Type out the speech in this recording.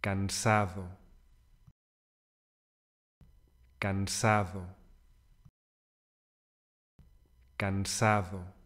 cansado, cansado, cansado.